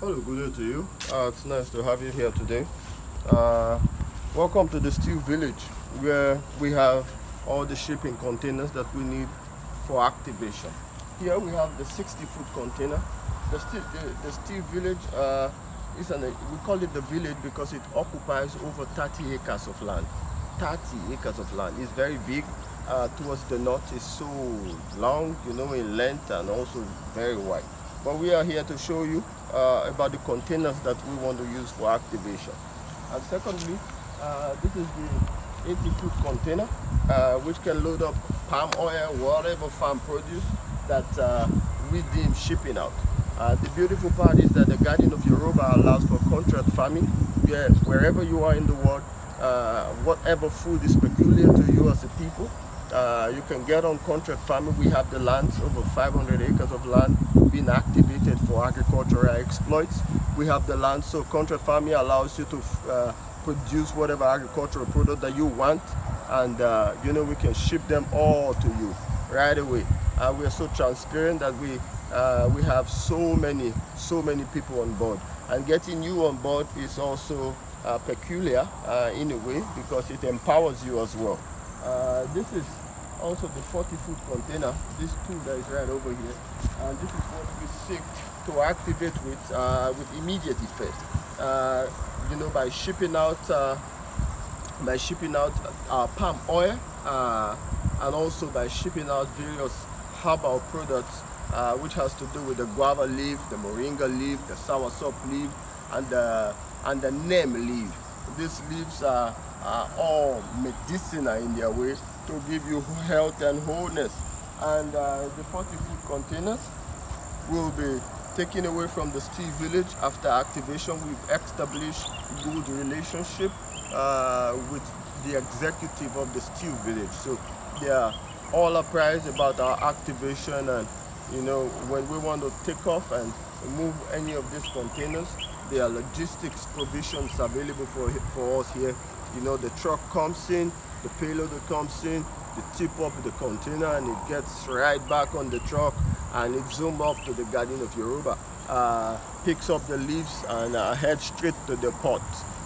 Hello, good day to you. Uh, it's nice to have you here today. Uh, welcome to the steel village where we have all the shipping containers that we need for activation. Here we have the 60 foot container. The steel, the, the steel village uh, is an, we call it the village because it occupies over 30 acres of land. 30 acres of land. It's very big. Uh, towards the north is so long, you know, in length and also very wide but we are here to show you uh, about the containers that we want to use for activation. And secondly, uh, this is the 80 foot container uh, which can load up palm oil, whatever farm produce that uh, we deem shipping out. Uh, the beautiful part is that the Garden of Yoruba allows for contract farming where wherever you are in the world, uh, whatever food is peculiar to you as a people, uh, you can get on contract farming. We have the lands, over 500 acres of land being activated for agricultural exploits. We have the land, so contract farming allows you to uh, produce whatever agricultural product that you want and uh, you know we can ship them all to you right away. we're so transparent that we, uh, we have so many, so many people on board. And getting you on board is also uh, peculiar uh, in a way because it empowers you as well. Uh, this is also the 40 foot container, this tool that is right over here. And this is what we seek to activate with, uh, with immediate effect. Uh, you know, by shipping out, uh, by shipping out uh, palm oil uh, and also by shipping out various herbal products which has to do with the guava leaf, the moringa leaf, the soursop leaf, and the, and the neem leaf. These leaves are are all medicinal in their way to give you health and wholeness. And uh, the 40 foot containers will be taken away from the Steve Village after activation. We've established good relationship uh, with the executive of the Steve Village. So they are all apprised about our activation and you know when we want to take off and move any of these containers there are logistics provisions available for, for us here. You know, the truck comes in, the payload comes in, they tip up the container and it gets right back on the truck and it zooms off to the Garden of Yoruba. Uh, picks up the leaves and uh, heads straight to the port.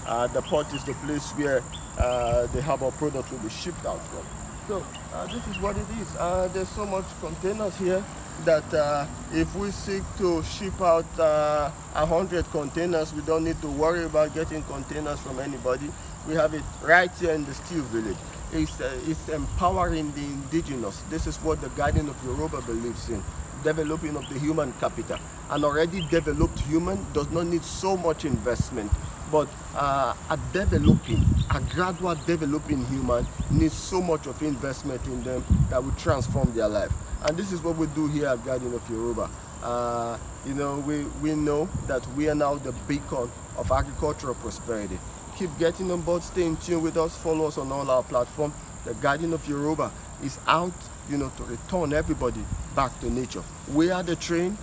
Uh, the port is the place where uh, the harbor product will be shipped out from. So uh, this is what it is. Uh, there's so much containers here that uh, if we seek to ship out uh, 100 containers, we don't need to worry about getting containers from anybody. We have it right here in the steel village. It's, uh, it's empowering the indigenous. This is what the Guardian of Europa believes in, developing of the human capital. An already developed human does not need so much investment, but uh, a developing a gradual developing human needs so much of investment in them that will transform their life. And this is what we do here at Guardian of Yoruba. Uh, you know, we, we know that we are now the beacon of agricultural prosperity. Keep getting on board, stay in tune with us, follow us on all our platforms. The Guardian of Yoruba is out, you know, to return everybody back to nature. We are the train,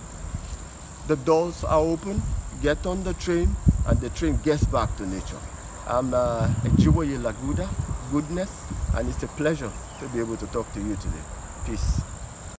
the doors are open, get on the train, and the train gets back to nature. I'm uh, Laguda Goodness, and it's a pleasure to be able to talk to you today. Peace.